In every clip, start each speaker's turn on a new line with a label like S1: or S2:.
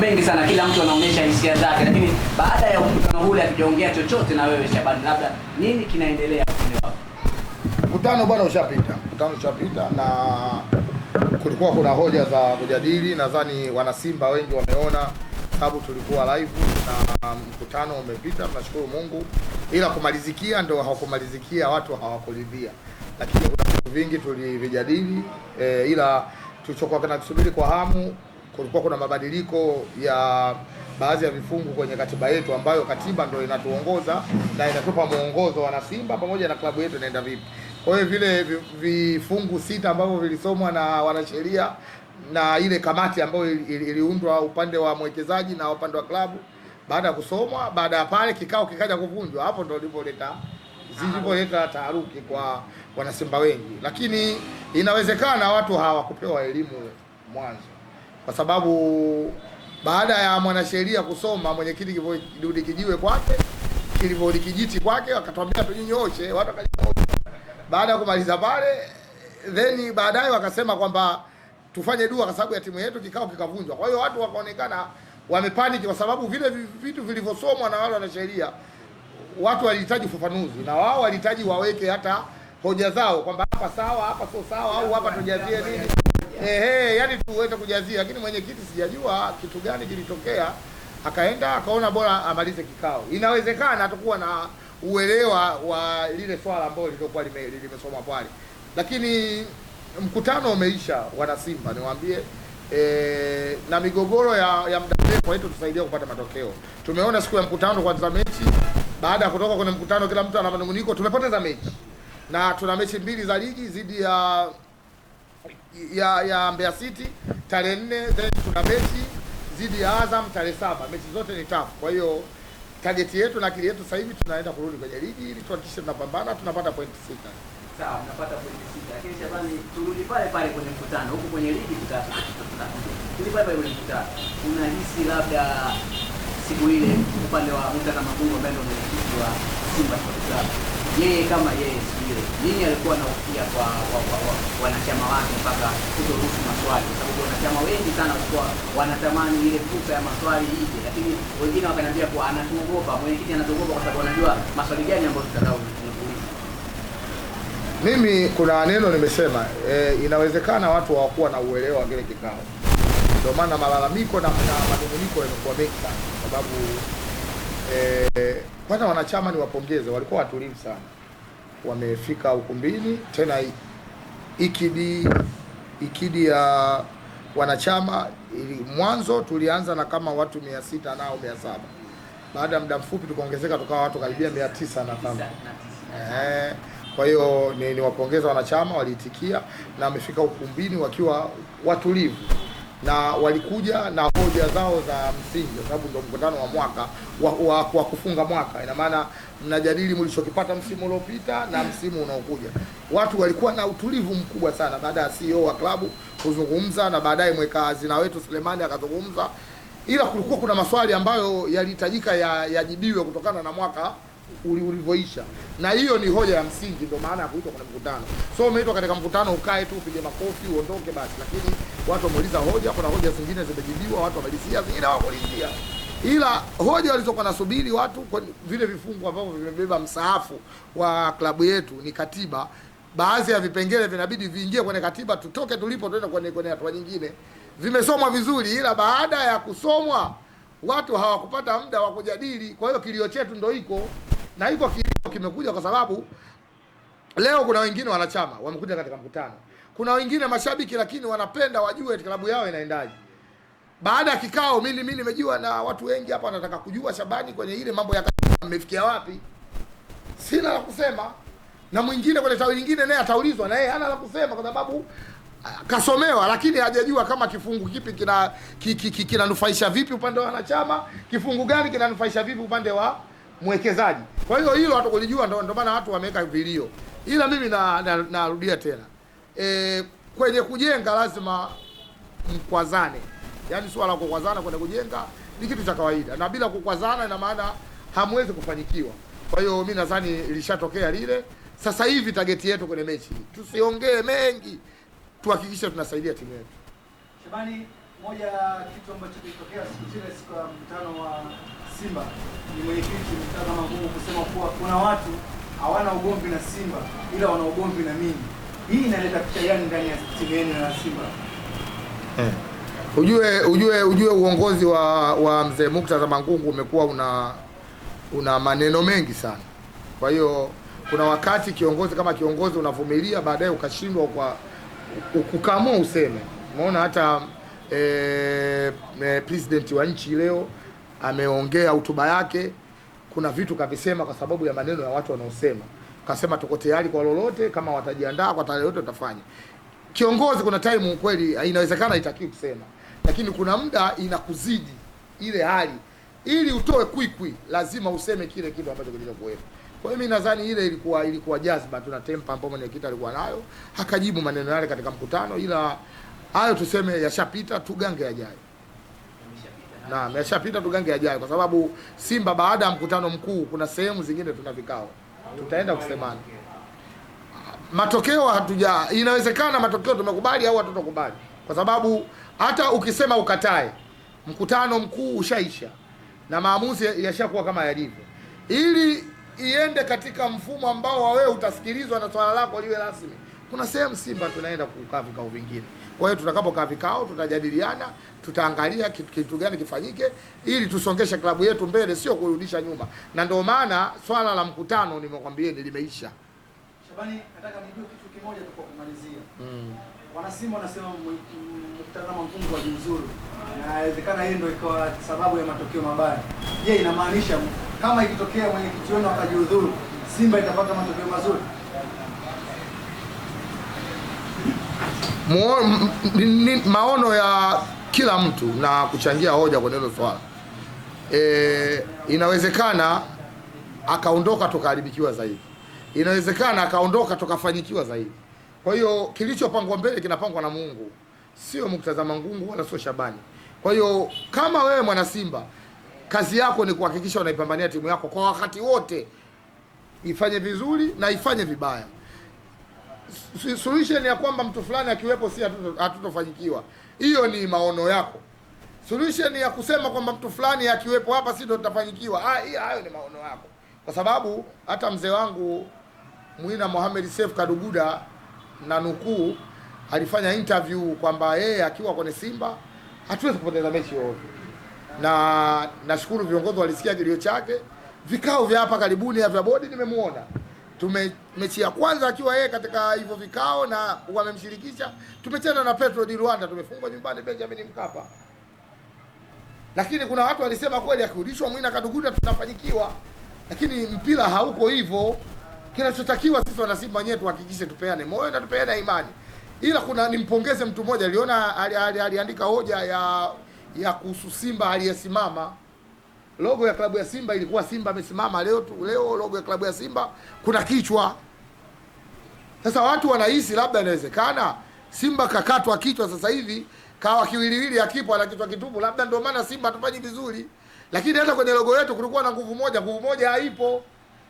S1: mengi sana, kila mtu anaonyesha hisia zake, lakini baada ya mkutano ule akijaongea chochote na wewe Shabani, labda nini kinaendelea upande wako?
S2: Mkutano bwana ushapita, mkutano ushapita na kulikuwa kuna hoja za kujadili. Nadhani wanasimba wengi wameona, sababu tulikuwa live na mkutano umepita, tunashukuru Mungu, ila kumalizikia ndio hawakumalizikia, watu hawakuridhia, lakini kuna vitu vingi tulivijadili, e, eh, ila tulichokuwa tunasubiri kwa hamu kulikuwa kuna mabadiliko ya baadhi ya vifungu kwenye katiba yetu, ambayo katiba ndio inatuongoza na inatupa mwongozo wanasimba pamoja na klabu yetu inaenda vipi. Kwa hiyo vile vifungu sita ambavyo vilisomwa na wanasheria na ile kamati ambayo iliundwa upande wa mwekezaji na upande wa klabu, baada ya kusomwa, baada ya pale kikao kikaja kuvunjwa. Hapo ndio ilipoleta zilipoleta taharuki kwa wanasimba wengi, lakini inawezekana watu hawakupewa elimu mwanzo kwa sababu baada ya mwanasheria kusoma mwenyekiti Kidudi Kijiwe kwake Kilivoli Kijiti kwake, wakatwambia tunyooshe watu. Baada ya kumaliza pale, then baadaye wakasema kwamba tufanye dua kwa sababu ya timu yetu, kikao kikavunjwa. Kwa hiyo watu wakaonekana wamepaniki, kwa sababu vile vitu vilivyosomwa na wale wanasheria, watu walihitaji ufafanuzi na wao walihitaji waweke hata hoja zao kwamba hapa sawa, hapa sio sawa, au hapa tujazie nini ehe, yani tuweze kujazia, lakini mwenyekiti sijajua kitu gani kilitokea, akaenda akaona bora amalize kikao. Inawezekana atakuwa na uelewa wa lile swala ambalo lilikuwa limesoma pale, lakini mkutano umeisha, wana Simba niwaambie. E, na migogoro ya, ya muda mrefu haitusaidia kupata matokeo. Tumeona siku ya mkutano kwanza mechi, baada ya kutoka kwenye mkutano kila mtu ana manunguniko, tumepoteza mechi na tuna mechi mbili za ligi zidi ya ya, ya Mbeya City tarehe nne, then tuna mechi dhidi ya Azam tarehe saba. Mechi zote ni tafu, kwa hiyo target yetu na akili yetu sasa hivi tunaenda kurudi kwenye ligi ili tuhakikishe tunapambana tunapata point sita.
S1: Sawa, tunapata point sita. Lakini Shabani, turudi pale pale kwenye mkutano huko kwenye ligi tutatu. Turudi pale pale kwenye mkutano. Unahisi labda siku ile upande wa Mtaka Magungu ambaye ndio mwenyekiti wa Simba Sports Club yeye kama yeye sijui nini alikuwa anaofia kwa wanachama wake mpaka kutoruhusu maswali, kwa sababu wanachama wengi sana walikuwa wanatamani ile fursa ya maswali ije, lakini wengine wakaniambia kwa anatuogopa mwenyekiti, anatuogopa kwa sababu anajua maswali gani ambayo tutataka.
S2: Mimi kuna neno nimesema e, inawezekana watu hawakuwa na uelewa wa kile kikao, ndio maana malalamiko na manunguniko yamekuwa mengi sana kwa sababu eh, kwanza wanachama ni wapongeze, walikuwa watulivu sana, wamefika ukumbini tena ikidi ikidi ya wanachama ili mwanzo tulianza na kama watu mia sita nao mia saba baada ya muda mfupi tukaongezeka tukawa watu karibia mia tisa na kama eh, kwa hiyo niwapongeza wanachama, waliitikia na wamefika ukumbini wakiwa watulivu na walikuja na hoja zao za msingi, kwa sababu ndio mkutano wa mwaka wa, wa, wa kufunga mwaka. Ina maana mnajadili mlichokipata msimu uliopita na msimu unaokuja. Watu walikuwa na utulivu mkubwa sana baada ya CEO wa klabu kuzungumza, na baadaye mweka hazina wetu Selemani akazungumza, ila kulikuwa kuna maswali ambayo yalihitajika yajibiwe ya kutokana na mwaka ulivyoisha na hiyo ni hoja ya msingi, ndio maana ya kuitwa kwenye mkutano. So umeitwa katika mkutano, ukae tu upige makofi uondoke basi, lakini watu wameuliza hoja, kuna hoja zingine zimejibiwa, watu wamelizia, zingine hawakulizia, ila hoja walizokuwa nasubiri watu kwa vile vifungu ambavyo vimebeba msaafu wa klabu yetu ni katiba. Baadhi ya vipengele vinabidi viingie kwenye katiba, tutoke tulipo tuende kwenye kwenye hatua nyingine. Vimesomwa vizuri, ila baada ya kusomwa watu hawakupata muda wa kujadili. Kwa hiyo kilio chetu ndo iko na iko kilio kimekuja kwa sababu leo kuna wengine wanachama wamekuja katika mkutano kuna wengine mashabiki lakini wanapenda wajue klabu yao inaendaje. Baada ya kikao, mimi mimi nimejua na watu wengi hapa wanataka kujua Shabani, kwenye ile mambo ya mmefikia wapi. Sina la kusema, na mwingine kwenye tawi lingine naye ataulizwa na yeye hana la kusema, kwa sababu ah, kasomewa, lakini hajajua kama kifungu kipi kina ki, ki, ki, kinanufaisha vipi upande wa wanachama, kifungu gani kinanufaisha vipi upande wa mwekezaji. Kwa hiyo hilo hatakulijua, ndio ndio maana watu wameweka vilio, ila mimi narudia na, na, na tena e, kwenye kujenga lazima mkwazane, yaani swala la kukwazana kwenye kujenga ni kitu cha kawaida, na bila kukwazana, ina maana hamwezi kufanikiwa. Kwa hiyo mi nadhani ilishatokea lile. Sasa hivi tageti yetu kwenye mechi tusiongee mengi, tuhakikishe tunasaidia timu yetu.
S1: Shabani, moja ya kitu ambacho kilitokea siku zile, siku ya mkutano wa Simba, ni mwenyekiti mtaka magumu kusema kuwa kuna watu hawana ugomvi na Simba ila wana ugomvi na mimi hii inaleta picha gani ndani ya timu yenu ya Simba?
S2: Eh. Ujue ujue ujue uongozi wa wa mzee muktaza Mangungu umekuwa una una maneno mengi sana. Kwa hiyo kuna wakati kiongozi kama kiongozi unavumilia, baadaye ukashindwa kwa kukamua useme. Umeona hata e, e, president wa nchi leo ameongea hotuba yake, kuna vitu kavisema kwa sababu ya maneno ya watu wanaosema kasema tuko tayari kwa lolote, kama watajiandaa kwa tarehe yote tutafanya. Kiongozi, kuna time kweli inawezekana itakiwi kusema, lakini kuna muda inakuzidi ile hali, ili utoe kwikwi lazima useme kile kitu ambacho kilichokuwepo. Kwa hiyo mimi nadhani ile ilikuwa ilikuwa jazba tuna tempa ambayo mwenyekiti alikuwa nayo, akajibu maneno yale katika mkutano, ila hayo tuseme yashapita, tugange yajayo. Naam, yashapita, tugange yajayo, kwa sababu Simba baada ya mkutano mkuu kuna sehemu zingine tuna vikao tutaenda kusemana. Matokeo hatuja, inawezekana matokeo tumekubali au hatutokubali, kwa sababu hata ukisema ukatae, mkutano mkuu ushaisha na maamuzi yashakuwa kama yalivyo. Ili iende katika mfumo ambao wewe utasikilizwa na swala lako liwe rasmi kuna sehemu Simba tunaenda kukaa vikao vingine. Kwa hiyo tutakapokaa vikao, tutajadiliana, tutaangalia kitu, kitu gani kifanyike ili tusongeshe klabu yetu mbele, sio kurudisha nyuma, na ndio maana swala la mkutano nimekwambia ni limeisha.
S1: Shabani, nataka nijue kitu kimoja tu kwa kumalizia. Mm. Wanasimba wanasema mkutano mkungu wa jiuzuru, inawezekana hii ndio ikawa sababu ya matokeo mabaya. Je, inamaanisha kama ikitokea mwenyekiti wenu akajiuzuru Simba itapata matokeo mazuri?
S2: maono ya kila mtu na kuchangia hoja kwenye hilo swala. E, inawezekana akaondoka tukaharibikiwa zaidi, inawezekana akaondoka tukafanyikiwa zaidi. Kwa hiyo kilichopangwa mbele kinapangwa na Mungu, sio mkutazama ngungu wala sio Shabani. Kwa hiyo kama wewe mwana Simba, kazi yako ni kuhakikisha unaipambania timu yako kwa wakati wote, ifanye vizuri na ifanye vibaya solution ya kwamba mtu fulani akiwepo si hatutofanyikiwa, hiyo ni maono yako. Solution ya kusema kwamba mtu fulani akiwepo hapa si ndo tutafanyikiwa, ah, hayo ni maono yako, kwa sababu hata mzee wangu Mwina Mohamed Sef Kaduguda na nukuu, alifanya interview kwamba yeye akiwa kwenye Simba hatuwezi kupoteza mechi yoyote, na nashukuru viongozi walisikia kilio chake. Vikao vya hapa karibuni vya bodi nimemuona tume mechi ya kwanza akiwa yeye katika hivyo vikao na wamemshirikisha. Tumecheza na Petro di Rwanda, tumefungwa nyumbani Benjamin Mkapa, lakini kuna watu walisema kweli, akirudishwa Mwina Kaduguda tunafanyikiwa, lakini mpira hauko hivyo. Kinachotakiwa sisi Simba wenyewe tuhakikishe tupeane moyo na tupeane imani, ila kuna nimpongeze mtu mmoja aliona, aliandika hoja ya ya kuhusu Simba aliyesimama logo ya klabu ya Simba ilikuwa Simba amesimama, leo tu, leo logo ya klabu ya Simba kuna kichwa. Sasa watu wanahisi labda inawezekana Simba kakatwa kichwa, sasa hivi kawa kiwiliwili, akipo ana kichwa kitupu, labda ndio maana Simba hatufanyi vizuri. Lakini hata kwenye logo yetu kulikuwa na nguvu moja, nguvu moja haipo.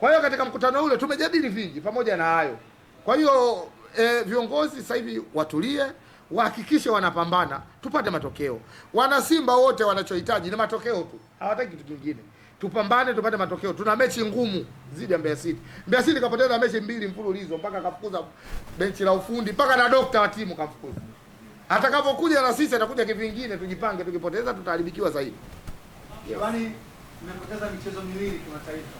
S2: Kwa hiyo katika mkutano ule tumejadili vingi pamoja na hayo. Kwa hiyo e, viongozi sasa hivi watulie, wahakikishe wanapambana tupate matokeo. Wana Simba wote wanachohitaji ni matokeo tu hawataki kitu kingine. Tupambane tupate matokeo. Tuna mechi ngumu dhidi ya Mbeya City. Mbeya City kapoteza na mechi mbili mfululizo mpaka kafukuza benchi la ufundi mpaka na dokta wa timu kafukuza. Atakapokuja na sisi atakuja kivingine, tujipange. Tukipoteza tutaharibikiwa
S1: zaidi. Yaani mmepoteza michezo miwili kimataifa.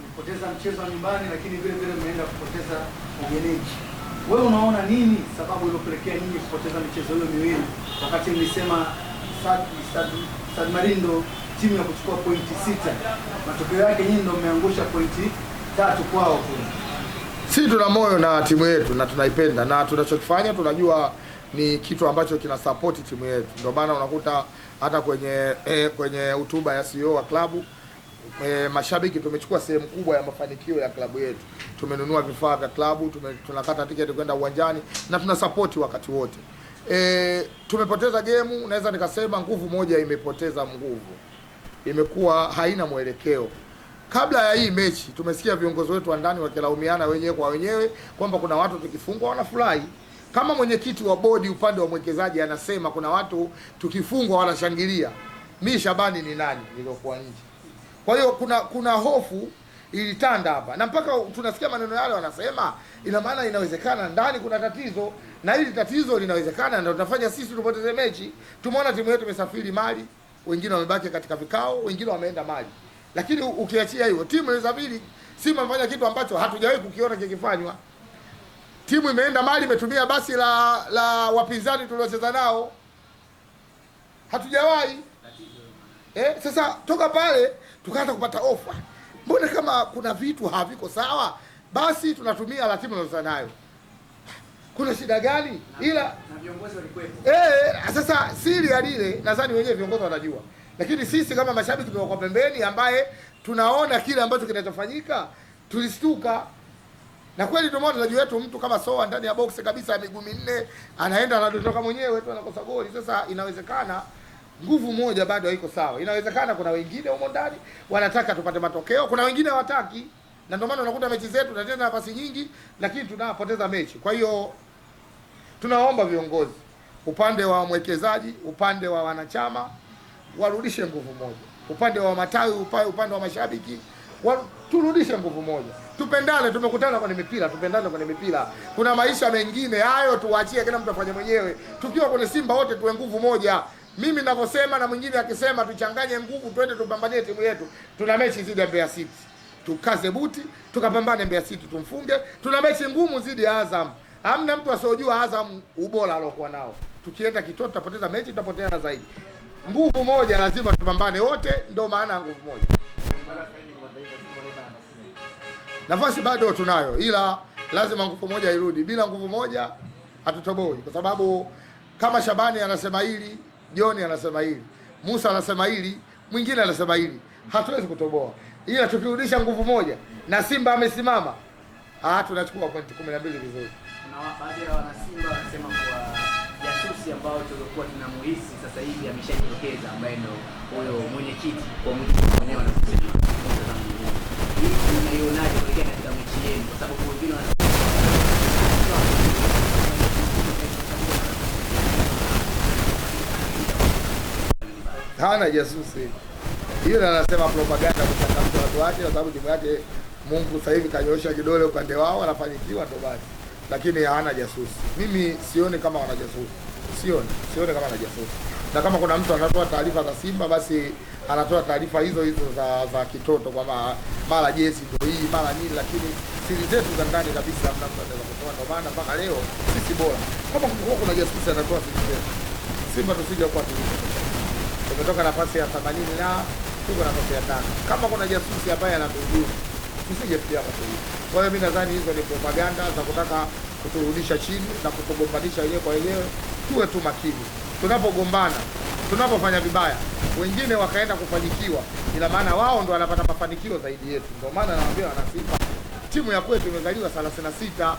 S1: Mmepoteza mchezo nyumbani, lakini vile vile mmeenda kupoteza ugeneji. Wewe unaona nini sababu iliyopelekea nyinyi kupoteza michezo hiyo miwili wakati mlisema sadi sadi San Marino ndo timu ya kuchukua pointi sita. Matokeo yake nyinyi ndo mmeangusha pointi tatu kwao.
S2: Sisi tuna moyo na timu yetu na tunaipenda na tunachokifanya tunajua ni kitu ambacho kina support timu yetu. Ndio maana unakuta hata kwenye eh, kwenye hotuba ya CEO wa klabu eh, mashabiki tumechukua sehemu kubwa ya mafanikio ya klabu yetu. Tumenunua vifaa vya klabu, tume, tunakata tiketi kwenda uwanjani na tuna support wakati wote. E, tumepoteza gemu, naweza nikasema nguvu moja imepoteza nguvu, imekuwa haina mwelekeo. Kabla ya hii mechi tumesikia viongozi wetu wa ndani wakilaumiana wenyewe kwa wenyewe kwamba kuna watu tukifungwa wanafurahi. Kama mwenyekiti wa bodi upande wa mwekezaji anasema kuna watu tukifungwa wanashangilia, mi Shabani ni nani niliokuwa nje? Kwa hiyo kuna kuna hofu ilitanda hapa, na mpaka tunasikia maneno yale wanasema, ina maana inawezekana ndani kuna tatizo, na hili tatizo linawezekana ndio tunafanya sisi tupoteze mechi. Tumeona timu yetu imesafiri Mali, wengine wamebaki katika vikao, wengine wameenda Mali, lakini ukiachia hiyo timu ilisafiri, Simba imefanya kitu ambacho hatujawahi kukiona kikifanywa. Timu imeenda Mali, imetumia basi la la wapinzani tuliocheza nao, hatujawahi eh. Sasa toka pale tukaanza kupata ofa mbona kama kuna vitu haviko sawa, basi tunatumia ratiba tunazozana nayo. Kuna shida gani? Ila na viongozi eh, eh, sasa siri ya lile nadhani wenyewe viongozi wanajua, lakini sisi kama mashabiki tumekuwa pembeni, ambaye tunaona kile ambacho kinachofanyika, tulistuka na kweli ndio maana tunajua wetu mtu kama Soa ndani ya box kabisa miguu minne anaenda anadondoka mwenyewe tu anakosa goli. Sasa inawezekana nguvu moja bado haiko sawa. Inawezekana kuna wengine humo ndani wanataka tupate matokeo, kuna wengine hawataki, na ndio maana unakuta mechi zetu tunateza nafasi nyingi, lakini tunapoteza mechi. Kwa hiyo tunaomba viongozi, upande wa mwekezaji, upande wa wanachama warudishe nguvu moja, upande wa matawi, upande wa mashabiki turudishe nguvu moja, tupendane. Tumekutana kwenye mipira, tupendane kwenye mipira. Kuna maisha mengine hayo tuwaachie, kila mtu afanye mwenyewe. Tukiwa kwenye Simba wote tuwe nguvu moja mimi ninavyosema na mwingine akisema, tuchanganye nguvu, twende tupambanie timu yetu. Tuna mechi zidi ya Mbeya City, tukaze buti tukapambane Mbeya City tumfunge. Tuna mechi ngumu zidi ya Azam. Hamna mtu asiojua Azam ubora alokuwa nao. Tukienda kitoto, tutapoteza mechi, tutapoteza zaidi. Nguvu moja lazima tupambane wote, ndio maana ya nguvu moja. Nafasi bado tunayo, ila lazima nguvu moja irudi. Bila nguvu moja hatutoboi, kwa sababu kama Shabani anasema hili Joni anasema hili, Musa anasema hili, mwingine anasema hili. Hatuwezi kutoboa, ila tukirudisha nguvu moja na Simba amesimama, ah, tunachukua pointi 12 vizuri.
S1: Kuna baadhi ya wanasimba wanasema kwa jasusi ambao tulikuwa tunamuhisi sasa hivi ameshajitokeza, ambaye ndio huyo mwenyekiti kwa mujibu mwenyewe anasema. Hii unaionaje kuelekea katika mechi yenu, kwa sababu wengine
S2: hana jasusi. Hiyo anasema propaganda kuchangamsha watu wake, kwa sababu jibu yake Mungu sasa hivi kanyoosha kidole upande wao, anafanikiwa ndo basi, lakini hana jasusi. Mimi sioni kama wana jasusi, sioni, sioni kama wana jasusi. Na kama kuna mtu anatoa taarifa za Simba, basi anatoa taarifa hizo hizo za za kitoto, kwa maana mara jezi ndio hii mara nini, lakini siri zetu za ndani kabisa hamna mtu anaweza kutoa. Ndio maana mpaka leo sisi bora, kama kuna jasusi anatoa siri zetu, Simba tusije kuwa tulivyo tumetoka nafasi ya 80 na tuko nafasi ya tano. Kama kuna jasusi ambaye anatujua tusije tujapo tu. Kwa hiyo mimi nadhani hizo ni propaganda za kutaka kuturudisha chini na kutugombanisha wenyewe kwa wenyewe. Tuwe tu makini tunapogombana, tunapofanya vibaya, wengine wakaenda kufanikiwa ila maana wao ndo wanapata mafanikio zaidi yetu. Ndio maana nawaambia wanasifa, timu ya kwetu imezaliwa 36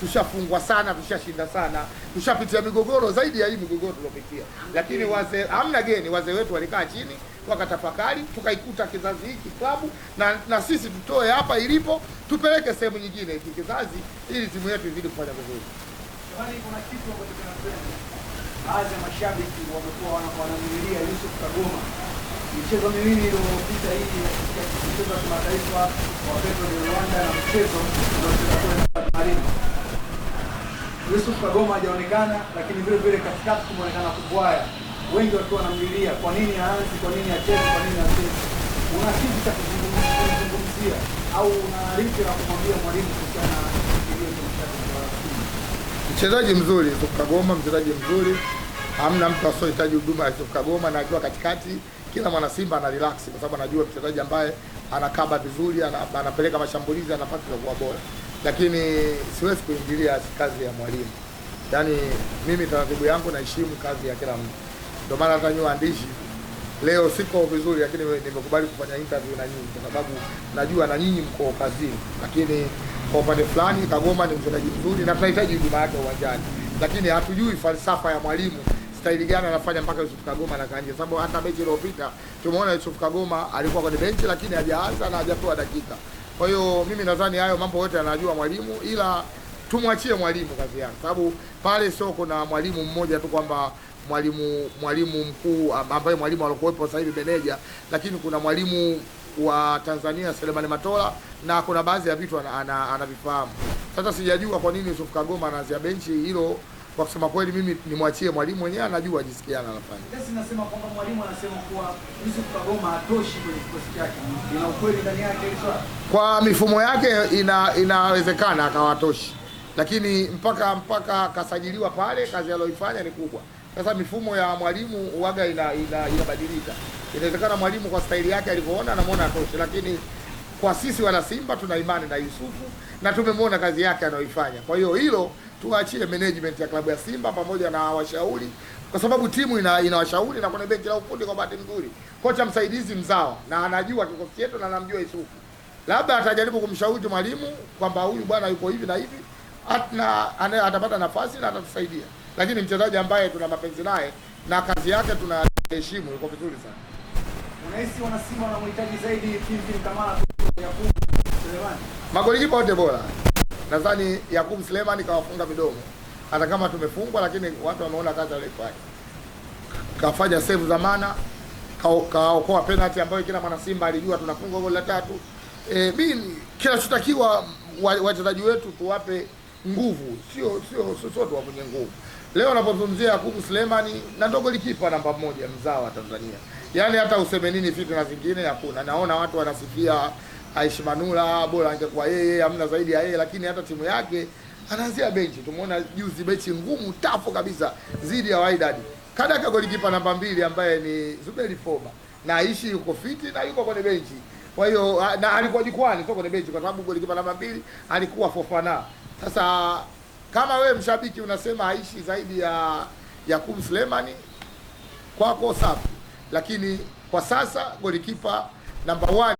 S2: tushafungwa sana, tushashinda sana, tushapitia migogoro zaidi ya hii migogoro tuliopitia, lakini wazee hamna geni. Wazee wetu walikaa chini wakatafakari, tukaikuta kizazi hiki klabu na, na sisi tutoe hapa ilipo, tupeleke sehemu nyingine hiki kizazi, ili timu yetu izidi kufanya vizuri.
S1: baadhi ya mashabiki wamekuwa wanamlilia Yusuf Kagoma michezo miwili iliyopita hii mchezo wa kimataifa wa Petro de na mchezo unaocheza Yusuf Kagoma hajaonekana, lakini vile vile katikati kumeonekana Kubwaya, wengi wakiwa wanamlilia, kwa nini aanzi, kwa nini acheze, kwa nini acheze? Una kitu cha kuzungumzia au una lipi la kumwambia mwalimu kuhusiana na
S2: mchezaji mzuri Yusuf Kagoma, mchezaji mzuri, hamna mtu asiohitaji huduma ya Yusuf Kagoma, na akiwa katikati kila mwana Simba ana relax kwa sababu anajua mchezaji ambaye anakaba vizuri, anapeleka mashambulizi, ana nafasi kuwa bora lakini siwezi kuingilia kazi ya mwalimu. Yaani mimi taratibu yangu naheshimu kazi ya kila mtu, ndio maana hata nyinyi waandishi leo siko vizuri, lakini nimekubali kufanya interview na nyinyi kwa sababu najua na nyinyi mko kazini, lakini kwa upande fulani Kagoma ni mchezaji mzuri na tunahitaji huduma yake uwanjani, lakini hatujui falsafa ya mwalimu staili gani anafanya mpaka Yusuf Kagoma na kanje, sababu hata mechi iliyopita tumeona Yusuf Kagoma alikuwa kwenye benchi, lakini hajaanza na hajatoa dakika. Kwa hiyo mimi nadhani hayo mambo yote anajua mwalimu, ila tumwachie mwalimu kazi yake, sababu pale sio kuna mwalimu mmoja tu kwamba mwalimu mwalimu mkuu ambaye mwalimu alikuwepo sasa hivi meneja, lakini kuna mwalimu wa Tanzania Selemani Matola na kuna baadhi ya vitu anavifahamu ana, ana, ana sasa sijajua kwa nini Yusuf Kagoma anaanzia benchi hilo kwa kusema kweli, mimi nimwachie mwalimu mwenyewe, anajua ajisikiana
S1: anafanya. Sasa nasema kwamba mwalimu anasema kuwa Yusuf Kagoma hatoshi kwenye kikosi chake, ina ukweli ndani yake hizo,
S2: kwa mifumo yake ina inawezekana akawatoshi, lakini mpaka mpaka kasajiliwa pale, kazi aliyoifanya ni kubwa. Sasa mifumo ya mwalimu ina inabadilika, ina, inawezekana mwalimu kwa staili yake alivyoona anamwona atoshi, lakini kwa sisi wana Simba tuna imani na Yusufu na tumemwona kazi yake anayoifanya, kwa hiyo hilo tuachie management ya klabu ya Simba pamoja na washauri, kwa sababu timu ina, ina washauri na kuna benchi la ufundi. Kwa bahati nzuri, kocha msaidizi mzawa na anajua kikosi chetu na anamjua Isuku, labda atajaribu kumshauri mwalimu kwamba huyu bwana yuko hivi na hivi, atna atapata nafasi na atatusaidia, lakini mchezaji ambaye tuna mapenzi naye na kazi yake tunaheshimu, yuko vizuri sana.
S1: Unahisi wana Simba wanamhitaji zaidi Kamara ya
S2: Magolikipa wote bora nadhani Yakub Suleiman kawafunga midomo, hata kama tumefungwa, lakini watu wameona kazi aliyofanya. Kafanya save za mana, kaokoa penalty ambayo kila mwana Simba alijua tunafunga goli la tatu. E, mimi kinachotakiwa wachezaji wetu tuwape nguvu, sio sio nguvu. Leo unapozungumzia Yakubu Sulemani na ndogo likipa namba moja mzao wa Tanzania, yaani hata useme nini, na zingine hakuna. Naona watu wanasifia Aishi Manula bora angekuwa yeye, amna zaidi ya yeye, lakini hata timu yake anaanzia benchi. Tumeona juzi mechi ngumu tafu kabisa dhidi ya Wydad, kadaka golikipa namba mbili ambaye ni Zuberi Foba, na Aishi yuko fiti na yuko kwenye benchi kwa hiyo na alikuwa jukwani, sio kwenye benchi, kwa sababu golikipa namba mbili alikuwa Fofana. Sasa kama we mshabiki unasema Aishi zaidi ya Yakub Sulemani, kwako safi, lakini kwa sasa golikipa namba 1